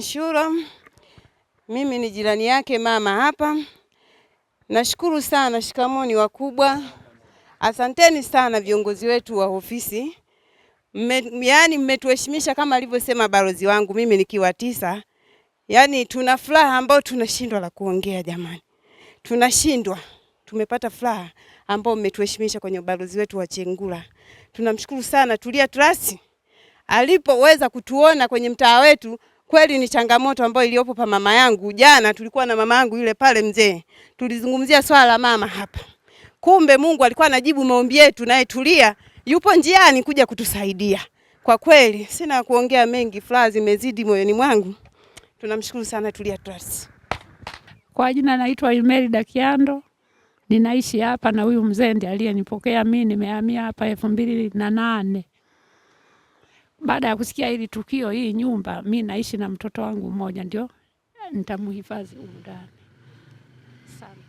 Shura, mimi ni jirani yake mama hapa. Nashukuru sana, shikamoni wakubwa, asanteni sana viongozi wetu wa ofisi mme, yaani mmetuheshimisha kama alivyosema balozi wangu, mimi nikiwa tisa, yaani tuna furaha ambayo tunashindwa la kuongea jamani, tunashindwa tumepata furaha ambayo mmetuheshimisha kwenye ubalozi wetu wa Chengula. Tunamshukuru sana Tulia Trust alipoweza kutuona kwenye mtaa wetu Kweli ni changamoto ambayo iliyopo pa mama yangu. Jana tulikuwa na mama yangu yule pale mzee, tulizungumzia swala la mama hapa. Kumbe Mungu alikuwa anajibu maombi yetu, naye Tulia yupo njiani kuja kutusaidia. Kwa kweli sina kuongea mengi, furaha zimezidi moyoni mwangu. Tunamshukuru sana Tulia Trust. Kwa jina naitwa Imelda Kiando, ninaishi hapa na huyu mzee ndiye aliyenipokea mimi. Nimehamia hapa elfu mbili na nane baada ya kusikia hili tukio, hii nyumba, mi naishi na mtoto wangu mmoja, ndio nitamhifadhi humu ndani. Asante.